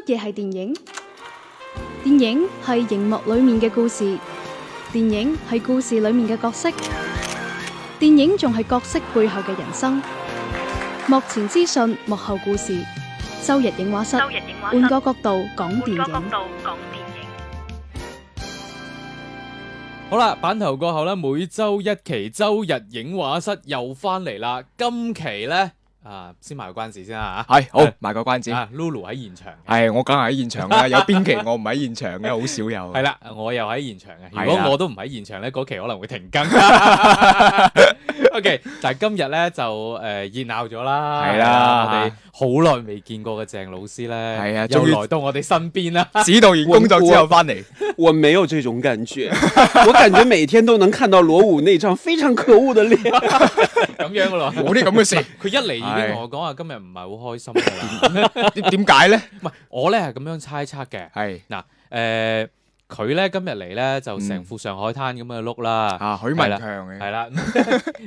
乜嘢係電影？電影係熒幕裏面嘅故事，電影係故事裏面嘅角色，電影仲係角色背後嘅人生。幕前資訊，幕後故事。周日影畫室，換個角度講電影。好啦，版頭過後呢，每周一期周日影畫室又翻嚟啦。今期呢。啊，先埋個關子先啦、啊、吓，係好埋、啊、個關子。啊、Lulu 喺現場，係、哎、我梗係喺現場噶，有邊期我唔喺現場嘅，好 少有。係啦，我又喺現場嘅，如果我都唔喺現場咧，嗰的期可能會停更。 O.K. 但今日咧就誒熱鬧咗啦，係啦，我哋好耐未見過嘅鄭老師咧，係啊，又來到我哋身邊啦，指導完工作之後翻嚟。我沒有這種感覺，我感覺每天都能看到羅武那張非常可惡嘅臉。咁樣噶咯，冇啲咁嘅事。佢一嚟已經同我講話，今日唔係好開心。點點解咧？唔係我咧係咁樣猜測嘅。係嗱誒。佢咧今日嚟咧就成副上海灘咁嘅碌啦。啊，係啦，許文強嘅，係啦。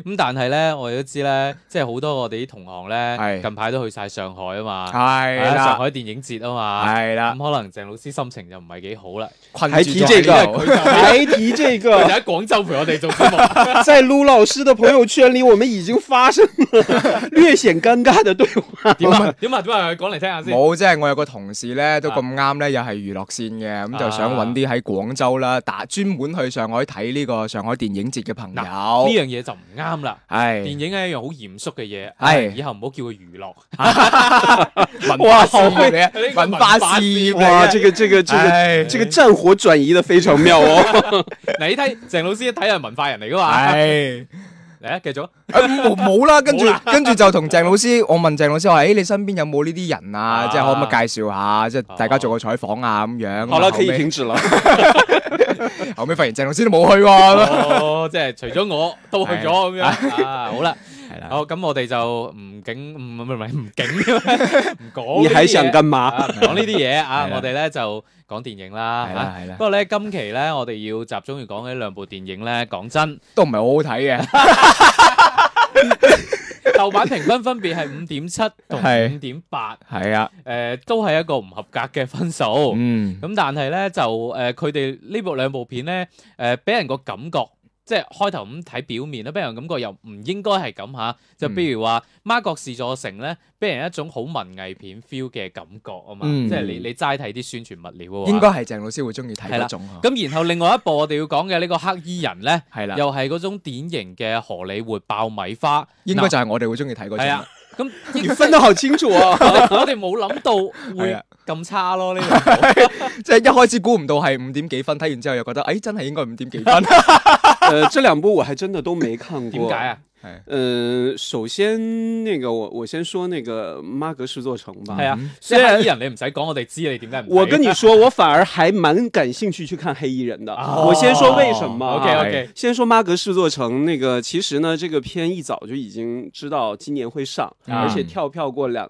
咁但係咧我哋都知咧，即係好多我哋啲同行咧，近排都去晒上海啊嘛，係上海電影節啊嘛，係啦。咁可能鄭老師心情就唔係幾好啦，困住咗喺呢個，喺呢個。你喺廣州陪我哋做即係在盧老師嘅朋友圈裏，我們已經發生了略顯尷尬的對話。點啊？點啊？點啊？講嚟聽下先。冇，即係我有個同事咧，都咁啱咧，又係娛樂線嘅，咁就想揾啲。喺廣州啦，打專門去上海睇呢個上海電影節嘅朋友，呢、啊、樣嘢就唔啱啦。係、哎、電影係一樣好嚴肅嘅嘢，係、哎、以後唔好叫佢娛樂。哇，好貴啊！ 文化事師，哇，這個這個這個、哎、這個戰火轉移得非常妙啊、哦！嗱 、哎， 你睇鄭老師一睇係文化人嚟噶嘛？哎嚟啊，繼續 啊！冇啦，跟住跟住就同鄭老師，我問鄭老師話：，誒、欸，你身邊有冇呢啲人啊？啊即係可唔可以介紹下？即係大家做個採訪啊咁樣。好啦，可以停住啦。 後尾發現鄭老師都冇去喎、啊，哦、 即係除咗我都去咗咁樣。好啦。好，咁我哋就唔警，唔唔唔，唔警嘅咩？唔講。你喺上根馬講呢啲嘢啊！我哋咧就講電影啦。係啦。不過咧，今期咧，我哋要集中要講呢兩部電影咧，講真都唔係好好睇嘅。豆瓣評分分別係五點七同五點八，係啊，誒，都係一個唔合格嘅分數。嗯。咁但係咧就誒，佢哋呢部兩部片咧，誒，俾人個感覺。即係開頭咁睇表面咧，俾人感覺又唔應該係咁吓。嗯、就譬如話《馬國是座城媽閣是座城》咧，俾人一種好文藝片 feel 嘅感覺啊嘛。嗯、即係你你齋睇啲宣傳物料。應該係鄭老師會中意睇嗰種。咁了 然後另外一部我哋要講嘅呢個黑衣人咧，係啦 了，又係嗰種典型嘅荷里活爆米花。應該就係我哋會中意睇嗰種。 咁越分越好清楚啊！ 我哋冇諗到會咁差咯，呢個即係一開始估唔到係五點幾分，睇完之後又覺得，哎、欸，真係應該五點幾分。誒、 呃，這兩部我係真的都未看過。點解啊？呃，首先那個我我先說那個《媽閣是座城》吧。對呀、啊，嗯、黑衣人你唔使講，我哋知你點解唔。我跟你說，我反而還蠻感興趣去看《黑衣人》的。哦、我先說為什麼？OK OK。啊、先說《媽閣是座城》，那個其實呢，這個片一早就已經知道今年會上，嗯、而且跳票過兩。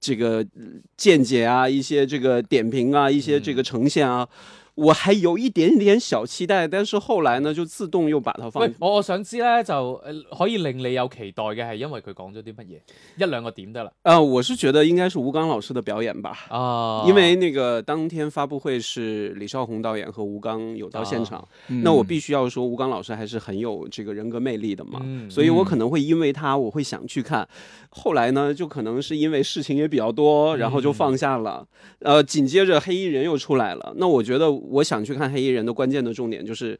這個見解啊，一些這個點評啊，一些這個呈現啊。嗯我還有一點點小期待，但是後來呢，就自動又把它放。我我想知道呢，就可以令你有期待嘅係因為佢講咗啲乜嘢，一兩個點得啦。啊、呃，我是覺得應該是吳剛老師的表演吧。啊，因為那個當天發布會是李少紅導演和吳剛有到現場，啊嗯、那我必須要說吳剛老師還是很有這個人格魅力的嘛。嗯、所以我可能會因為他，我會想去看。後來呢，就可能是因為事情也比較多，然後就放下了。嗯、呃，緊接着黑衣人又出來了，那我覺得。我想去看黑衣人的關鍵的重點就是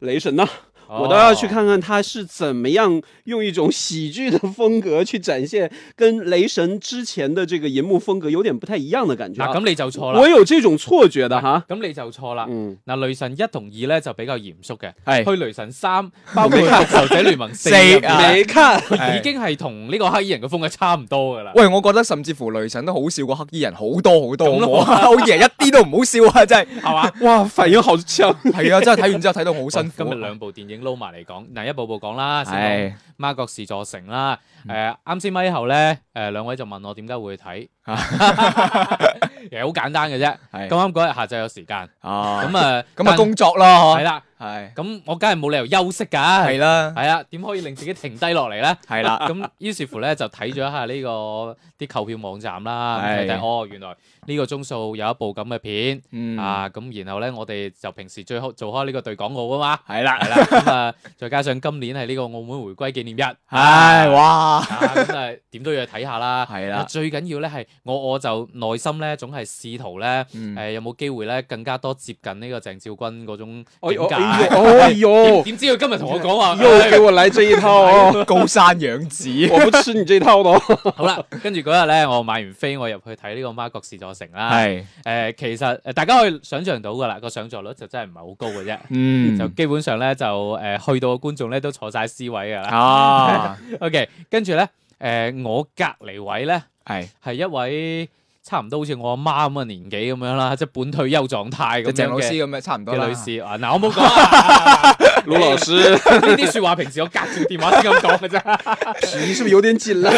雷神啦、啊。我都要去看看他是怎麼樣用一種喜劇的風格去展現，跟雷神之前的這個熒幕風格有點不太一樣的感覺。嗱咁你就錯啦，我有這種錯覺的哈、嗯。咁你就錯啦，嗯。嗱雷神一同二咧就比較嚴肅嘅，係去雷神三包括復仇者聯盟四、啊，李卡、 啊、已經係同呢個黑衣人嘅風格差唔多噶啦。喂，我覺得甚至乎雷神都好笑過黑衣人好多好多，哇，衣人 一啲都唔好笑啊，真係係嘛？吧哇，廢咗好笑，係啊，真係睇完之後睇到好辛苦、啊。今日兩部電影。撈埋嚟講，嗱一步步講啦。先媽閣是座城啦。誒、呃，啱先咪後咧，誒、呃、兩位就問我點解會睇？ 其實，好簡單嘅啫。咁啱嗰日下晝有時間。哦，咁啊，咁啊工作咯。係啦，係。咁我梗係冇理由休息噶。係啦，係啊的，點可以令自己停低落嚟咧？係啦是的。咁 於是乎咧，就睇咗一下呢、呢個啲購票網站啦。哦，原來。呢個鐘數有一部咁嘅片啊，咁然後咧我哋就平時最好做開呢個對港澳啊嘛，係啦係啦，咁啊再加上今年係呢個澳門回歸紀念日，唉哇，真係點都要去睇下啦，係啦，最緊要咧係我我就內心咧總係試圖咧誒有冇機會咧更加多接近呢個鄭少君嗰種境界，哎呦，點知佢今日同我講話屌你最偷，高山仰止，我唔中意偷我。好啦，跟住嗰日咧我買完飛，我入去睇呢個《媽閣是座城》。成啦，係是，誒、呃，其實誒，大家可以想象到噶啦，個上座率就真係唔係好高嘅啫，嗯，就基本上咧就誒、呃，去到嘅觀眾咧都坐晒 C 位噶啦，啊 ，OK，跟住咧，誒、呃，我隔籬位咧係係一位。差唔多好似我阿媽咁嘅年紀咁樣啦，即係本退休狀態咁嘅。即係鄭老師咁樣，差唔多女士。啊，嗱，我冇講啊，老老師呢啲說話，平時我隔住電話先咁講嘅啫。你是不是有點賤啦？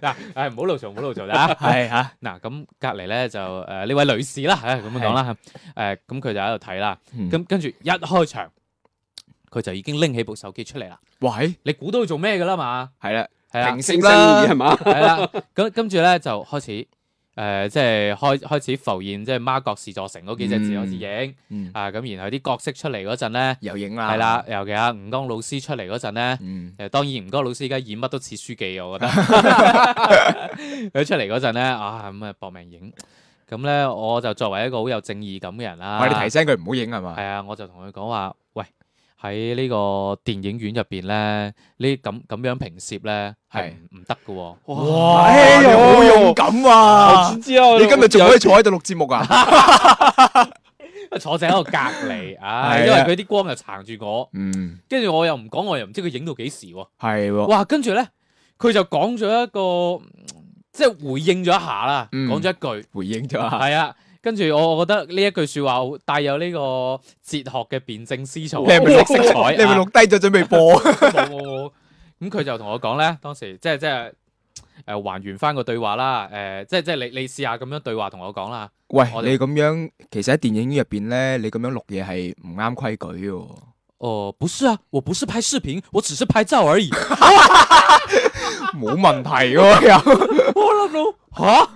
嗱，唉，唔好露醜，唔好露醜啦。係吓，嗱，咁隔籬咧就誒呢位女士啦，咁樣講啦，誒，咁佢就喺度睇啦，咁跟住一開場，佢就已經拎起部手機出嚟啦。喂，你估到佢做咩嘅啦嘛？係啦，明星生意係嘛？係啦，咁跟住咧就開始。誒、呃，即係開開始浮現，即係媽閣是座城嗰幾隻字開始影，嗯嗯、啊咁然後啲角色出嚟嗰陣咧，又影啦，係啦，尤其阿吳剛老師出嚟嗰陣咧，誒、嗯呃，當然吳剛老師而家演乜都似書記，我覺得佢 出嚟嗰陣咧，啊咁啊搏命影，咁咧我就作為一個好有正義感嘅人啦，喂、哦，你提醒佢唔好影係嘛，係啊，我就同佢講話。喺呢個電影院入邊咧，呢咁咁樣平攝咧係唔得嘅喎。哇，你好勇敢啊！你今日仲可以坐喺度錄節目啊？坐正喺度隔離，唉，因為佢啲光又撐住我。嗯。跟住我又唔講，我又唔知佢影到幾時喎。係喎。哇！跟住咧，佢就講咗一個，即係回應咗一下啦，講咗一句回應咗一下。係啊。跟住我，我覺得呢一句說話好帶有呢個哲學嘅辯證思潮。你係咪色彩？你係咪錄低咗準備播？冇冇冇。咁佢就同我講咧，當時即係即係誒還原翻個對話啦。誒，即係即係你你試下咁樣對話同我講啦。喂，你咁樣其實喺電影院入邊咧，你咁樣錄嘢係唔啱規矩嘅。哦，不是啊，我不是拍視頻，我只是拍照而已。冇問題嘅。我諗吓。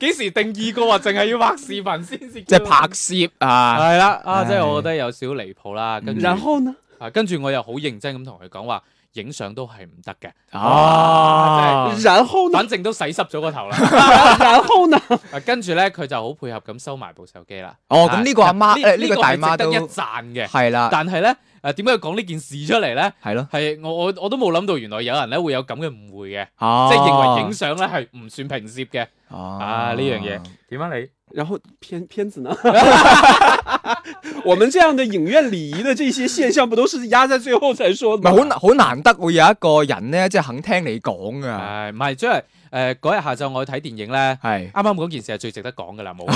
幾 時定義過啊？淨係要拍視頻先至，即係 拍攝啊，係啦了是啊，即、就、係、是、我覺得有少少離譜啦。跟住然後呢？啊，跟住我又好認真咁同佢講話，影相都係唔得嘅。啊， 然後呢？反正都洗濕咗個頭啦。然後呢？啊，跟住咧，佢就好配合咁收埋部手機啦。 哦，咁呢個阿媽呢個大媽都一讚嘅，係啦。但係咧。誒，點解要講呢件事出嚟咧？係咯了，係我我我都冇諗到，原來有人咧會有咁嘅誤會嘅，啊、即係認為影相咧係唔算平攝嘅。啊呢、啊、樣嘢，啊，點解你？然後片片子呢？ 我們這樣的影院禮儀的這些現象，不都是壓在最後才說？唔係好好難得會有一個人咧，即、就、係、是、肯聽你講噶！唔係即係誒，嗰、就是呃、日下晝我去睇電影咧，係啱啱嗰件事係最值得講噶啦，冇。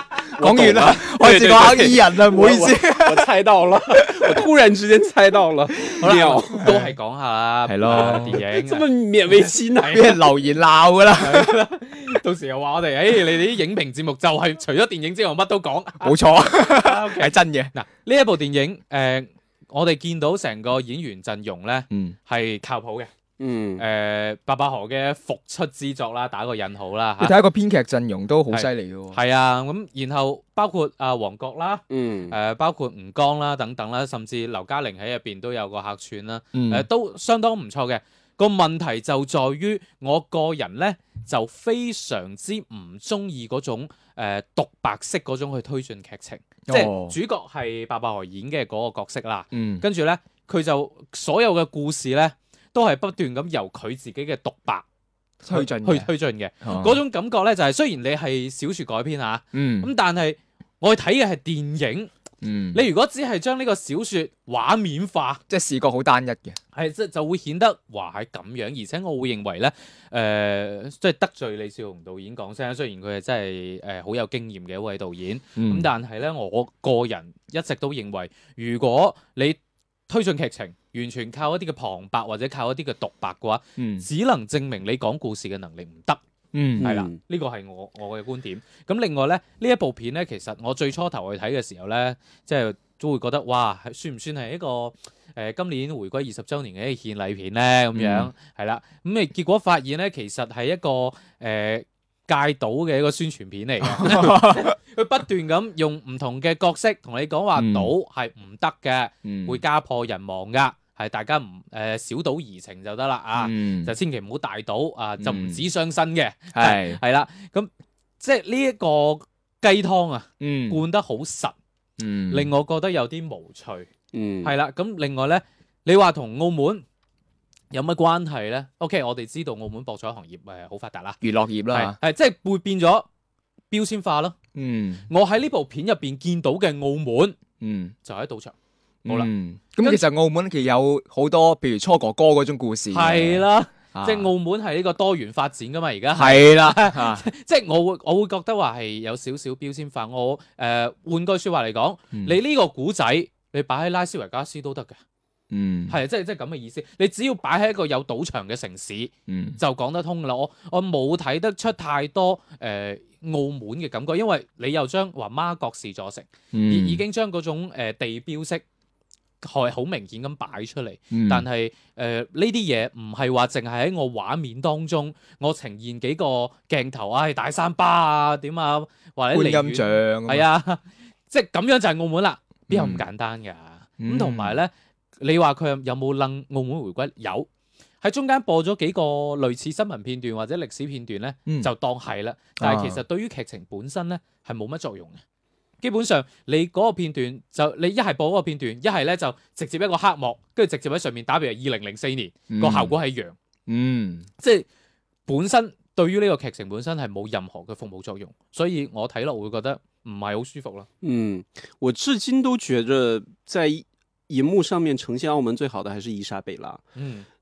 講完啦，我係個黑衣人啦，唔好意思，我猜到了，我突然之間猜到了，都係講下啦，係咯，電影，咩咩先係，俾人留言鬧噶啦，到時又話我哋，誒，你哋啲影評節目就係除咗電影之外乜都講，冇錯，係真嘅。嗱，呢一部電影，誒，我哋見到成個演員陣容咧，嗯，係靠譜嘅。嗯，誒、呃，白百何嘅復出之作啦，打個引號啦。你睇一個編劇陣容都好犀利嘅喎。係啊，咁、嗯、然後包括阿黃、呃、國啦，嗯，誒、呃、包括吳剛啦等等啦，甚至劉嘉玲喺入邊都有個客串啦，誒、嗯呃、都相當唔錯嘅。個問題就在於我個人咧就非常之唔中意嗰種誒獨、呃、白式嗰種去推進劇情，哦、即係主角係白百何演嘅嗰個角色啦。嗯、跟住咧佢就所有嘅故事咧。都係不斷咁由佢自己嘅獨白推進去推進嘅嗰種感覺呢，就係雖然你係小說改編吓、啊，咁、嗯、但係我睇嘅係電影，嗯、你如果只係將呢個小說畫面化，即係視覺好單一嘅，係即就會顯得話係咁樣。而且我會認為呢，誒、呃，即、就、係、是、得罪李少紅導演講聲，雖然佢係真係誒好有經驗嘅一位導演，咁、嗯、但係呢，我個人一直都認為，如果你推進劇情。完全靠一啲嘅旁白或者靠一啲嘅獨白嘅話，嗯、只能證明你講故事嘅能力唔得，係啦、嗯嗯，呢個係我我嘅觀點。咁另外咧，呢一部片咧，其實我最初頭去睇嘅時候咧，即係都會覺得哇，算唔算係一個誒、呃、今年回歸二十週年嘅一啲獻禮片咧咁樣？係啦、嗯，咁誒結果發現咧，其實係一個誒。呃戒賭嘅一個宣傳片嚟佢 不斷咁用唔同嘅角色同你講話，賭係唔得嘅，嗯、會家破人亡噶，係大家唔誒小賭怡情就得啦啊、嗯、啊，就千祈唔好大賭啊，就唔止傷身嘅，係係啦，咁即係呢一個雞湯啊，灌得好實，嗯、令我覺得有啲無趣，係啦、嗯，咁另外咧，你話同澳門。有乜關係咧？OK，我哋知道澳門博彩行業誒好、呃、發達啦，娛樂業啦，係即係會變咗標籤化咯。嗯，我喺呢部片入邊見到嘅澳門，嗯，就喺賭場，好啦。咁、嗯、其實澳門其實有好多，譬如初哥哥嗰種故事，係啦，啊、即係澳門係呢個多元發展噶嘛，而家係啦，啊、 即係我會我會覺得話係有少少標籤化。我誒換、呃、句說話嚟講、嗯，你呢個古仔你擺喺拉斯維加斯都得嘅。嗯，係啊，即係即係咁嘅意思。你只要擺喺一個有賭場嘅城市，嗯、就講得通噶啦。我我冇睇得出太多誒、呃、澳門嘅感覺，因為你又將話媽閣是座城，已、嗯、已經將嗰種誒、呃、地標式係好明顯咁擺出嚟。嗯、但係誒呢啲嘢唔係話淨係喺我畫面當中，我呈現幾個鏡頭，唉、哎、大三巴啊，點啊，或者觀音像係啊，即係咁樣就係澳門啦。邊有咁簡單噶？咁同埋咧。嗯嗯你話佢有冇諗澳門回歸？有喺中間播咗幾個類似新聞片段或者歷史片段呢，嗯、就當係啦。但係其實對於劇情本身呢，係冇乜作用嘅。基本上你嗰個片段就你一係播嗰個片段，一係呢就直接一個黑幕，跟住直接喺上面打。打譬如二零零四年個、嗯、效果係一樣，嗯，即係本身對於呢個劇情本身係冇任何嘅服務作用。所以我睇落會覺得唔係好舒服啦。嗯，我至今都覺得在，銀幕上面呈現澳門最好的還是伊莎貝拉。嗯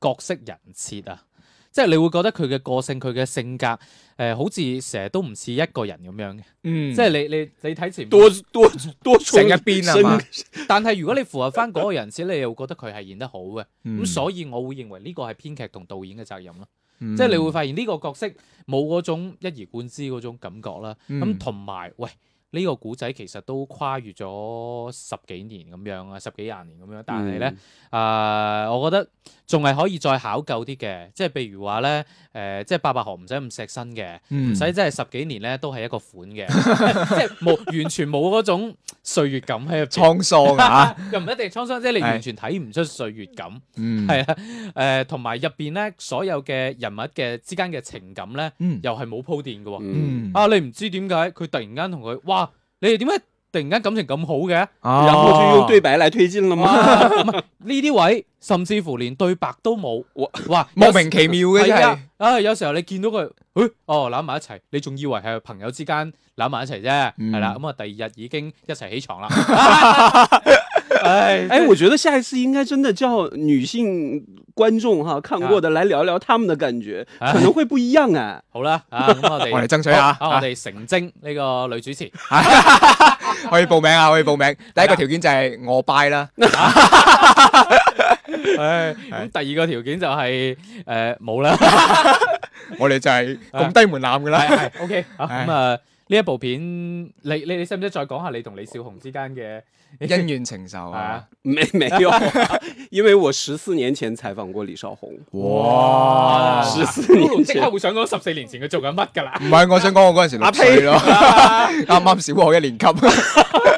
角色人設啊，即係你會覺得佢嘅個性、佢嘅性格，誒、呃，好似成日都唔似一個人咁樣嘅，嗯、即係你你你睇前面多多多成日變啊嘛。但係如果你符合翻嗰個人設， 你又覺得佢係演得好嘅，咁、嗯嗯、所以我會認為呢個係編劇同導演嘅責任咯。嗯、即係你會發現呢個角色冇嗰種一而貫之嗰種感覺啦，咁同埋喂。呢個古仔其實都跨越咗十幾年咁樣啊，十幾廿年咁樣，但係咧，誒，我覺得仲係可以再考究啲嘅，即係譬如話咧，誒，即係白百何唔使咁錫身嘅，唔使即係十幾年咧都係一個款嘅，即係冇完全冇嗰種歲月感喺入邊，滄桑又唔一定滄桑，即係你完全睇唔出歲月感，係啊，誒，同埋入邊咧所有嘅人物嘅之間嘅情感咧，又係冇鋪墊嘅喎，啊，你唔知點解佢突然間同佢，哇！你哋點解突然間感情咁好嘅？哦、啊，有有用對白嚟推進啦嘛。呢啲、啊、 位，甚至乎連對白都冇，哇，哇，莫名其妙嘅真係。時 啊，有時候你見到佢，誒，哦，攬埋一齊，你仲以為係朋友之間攬埋一齊啫，係啦、嗯。咁啊、嗯，第二日已經一齊起，起床啦。 哎，哎，我覺得下一次應該真係叫女性觀眾哈、啊、看過的來聊聊他們嘅感覺，可能會不一樣哎、啊。好啦，咁、啊、我哋 我哋爭取下，啊、我哋成精呢個女主持， 可以報名啊，可以報名。第一個條件就係我拜啦，哎，咁第二個條件就係誒冇啦，我哋就係咁低門檻噶啦。O K，好咁啊。呢一部片，你你你識唔識再講下你同李少紅之間嘅恩怨情仇啊？未、啊、沒,沒有， 因為我十四年前採訪過李少紅。哇，十四年前即 刻會想講十四年前佢做緊乜噶啦？唔係，我想講我嗰陣時六歲咯，啱啱小學一年級。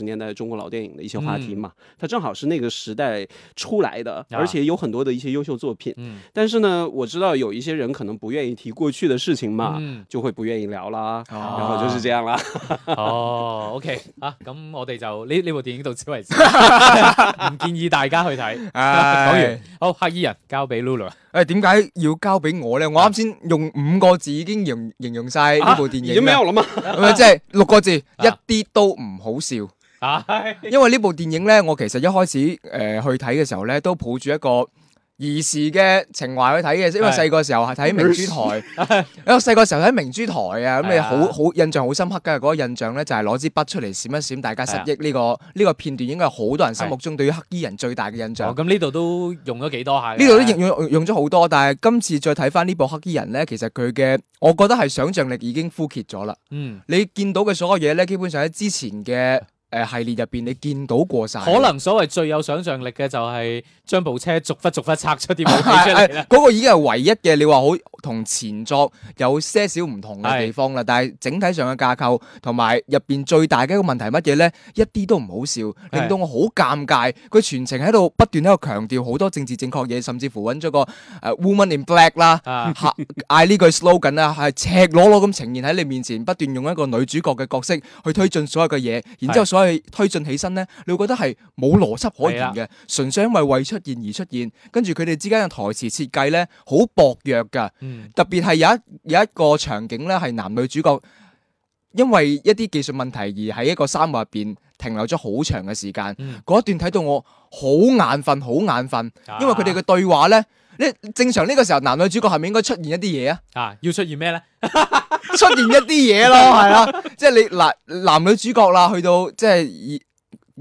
十年代中國老電影的一些話題嘛，它正好是那個時代出來的，而且有很多的一些優秀作品。嗯，但是呢，我知道有一些人可能不願意提過去的事情嘛，就會不願意聊啦。然後就是這樣啦。哦，OK 啊，咁我哋就呢呢部電影到此為止，唔建議大家去睇。講完，好，黑衣人交俾 Lulu。誒，點解、哎、要交俾我咧？我啱先用五個字已經形容形容晒呢部電影啦。咁啊，即係六個字，啊、一啲都唔好笑。吓、啊，因為呢部電影咧，我其實一開始誒、呃、去睇嘅時候咧，都抱住一個兒時嘅情懷去睇嘅，因為細個時候係睇明珠台， 因為細個時候睇明珠台啊，咁你好好印象好深刻嘅嗰、嗰個印象咧，就係攞支筆出嚟閃一閃，大家失憶呢、呢個呢 個片段，應該係好多人心目中對於黑衣人最大嘅印象。哦，咁呢度都用咗幾多下？呢度都用咗好多， 但係今次再睇翻呢部黑衣人咧，其實佢嘅我覺得係想像力已經枯竭咗啦。嗯，你見到嘅所有嘢咧，基本上喺之前嘅。誒，系列入邊你見到過晒，可能所謂最有想象力嘅就係將部車逐忽逐忽拆出啲武器出嚟啦。 嗰個已經係唯一嘅，你話好同前作有些少唔同嘅地方啦。對但係整體上嘅架構同埋入邊最大嘅一個問題係乜嘢咧？一啲都唔好笑，令到我好尷尬。佢對對全程喺度不斷喺度強調好多政治正確嘢，甚至乎揾咗個誒、uh, woman in black 啦對，吓嗌呢句 slogan 啊，係赤裸裸咁呈現喺你面前，不斷用一個女主角嘅角色去推進所有嘅嘢，然之後所。 推進起身呢，你會覺得係冇邏輯可言嘅，純的粹因為為出現而出現，跟住佢哋之間嘅台詞設計呢，好薄弱噶。嗯、特別係有一有一個場景呢，係男女主角因為一啲技術問題而喺一個沙漠入邊停留咗好長嘅時間。嗰、嗯、一段睇到我好眼瞓，好眼瞓，因為佢哋嘅對話呢。啊正常呢個時候，男女主角係咪應該出現一啲嘢啊？啊，要出現咩呢？ 出現一啲嘢咯，係啦、啊，即、就、係、是、你男男女主角啦，去到即係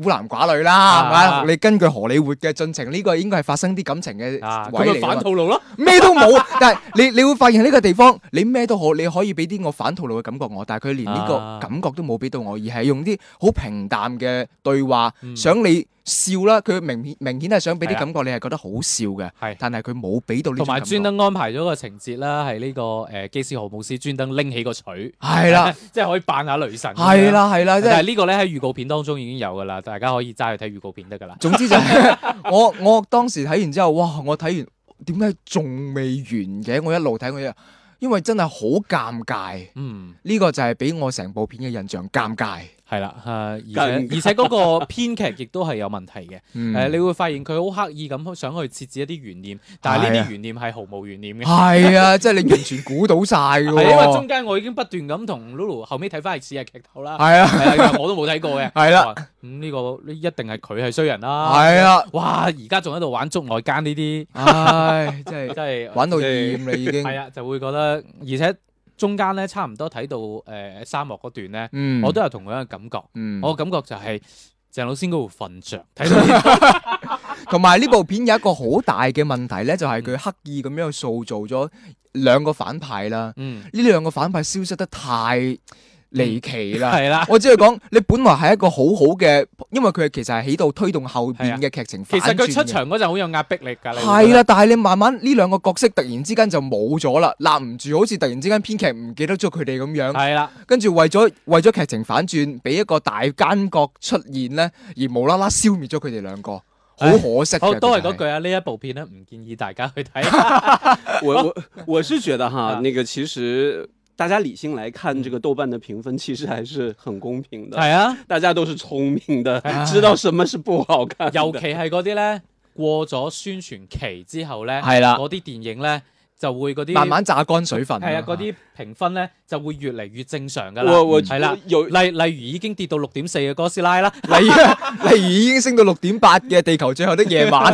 孤男寡女啦、啊啊啊，你根據荷里活嘅進程，呢、這個應該係發生啲感情嘅，咁咪、啊、反套路咯，咩嘛都冇。但係你你會發現呢個地方，你咩都好，你可以俾啲我反套路嘅感覺我，但係佢連呢個感覺都冇俾到我，而係用啲好平淡嘅對話，想你。嗯笑啦，佢明，明顯明顯係想俾啲感覺，你係覺得好笑嘅。係的，但係佢冇俾到呢，同埋專登安排咗個情節啦，係呢、這個誒、呃、基斯豪姆斯專登拎起個槌。係啦的， 即係可以扮下雷神。係啦，係啦，即係呢個咧喺預告片當中已經有㗎啦，大家可以齋去睇預告片得㗎啦。總之就係、是、 我我當時睇完之後，哇！我睇完點解仲未完嘅？我一路睇我因為真係好尷尬。嗯，呢個就係俾我成部片嘅印象尷尬。係啦，誒，而且嗰個編劇亦都係有問題嘅，誒，你會發現佢好刻意咁想去設置一啲懸念，但係呢啲懸念係毫無懸念嘅，係啊，即係你完全估到晒喎，因為中間我已經不斷咁同 Lulu 後尾睇翻歷史嘅劇透啦，係啊，係啊，我都冇睇過嘅，係啦，咁呢個呢一定係佢係衰人啦，係啊，哇，而家仲喺度玩捉外奸呢啲，唉，真係真係玩到厭啦已經，係啊，就會覺得而且。中間咧差唔多睇到誒、呃、沙漠嗰段咧，嗯、我都有同樣嘅感覺。嗯、我感覺就係鄭老師嗰度瞓着，睇到，同埋呢部片有一個好大嘅問題咧， 就係佢刻意咁樣塑造咗兩個反派啦。呢、 嗯、兩個反派消失得太離奇啦，係啦，我只係講，你本來係一個好好嘅，因為佢其實係喺度推動後邊嘅劇情。其實佢出場嗰陣好有壓迫力噶啦。係啦，但係你慢慢呢兩個角色突然之間就冇咗啦，立唔住，好似突然之間編劇唔記得咗佢哋咁樣。係啦，跟住為咗為咗劇情反轉，俾一個大奸角出現咧，而無啦啦消滅咗佢哋兩個，好可惜。好，都係嗰句啊，呢一部片咧唔建議大家去睇。我我我是覺得吓，呢個其實。大家理性來看，這個豆瓣的評分其實還是很公平的。係啊，大家都是聰明的，知道什麼是不好看。尤其係嗰啲呢，過咗宣傳期之後呢，係啦，嗰啲電影呢就會嗰啲慢慢榨乾水分。係啊，嗰啲評分呢就會越嚟越正常㗎啦。例例如已經跌到六點四嘅哥斯拉啦，例如例如已經升到六點八嘅地球最後的夜晚。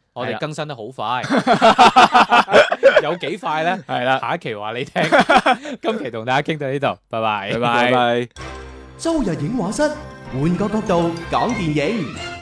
我哋更新得好快， 有快，有幾快咧？係啦，下一期話你聽。 今期同大家傾到呢度，拜拜，拜拜。周日映畫室，換個角度講電影。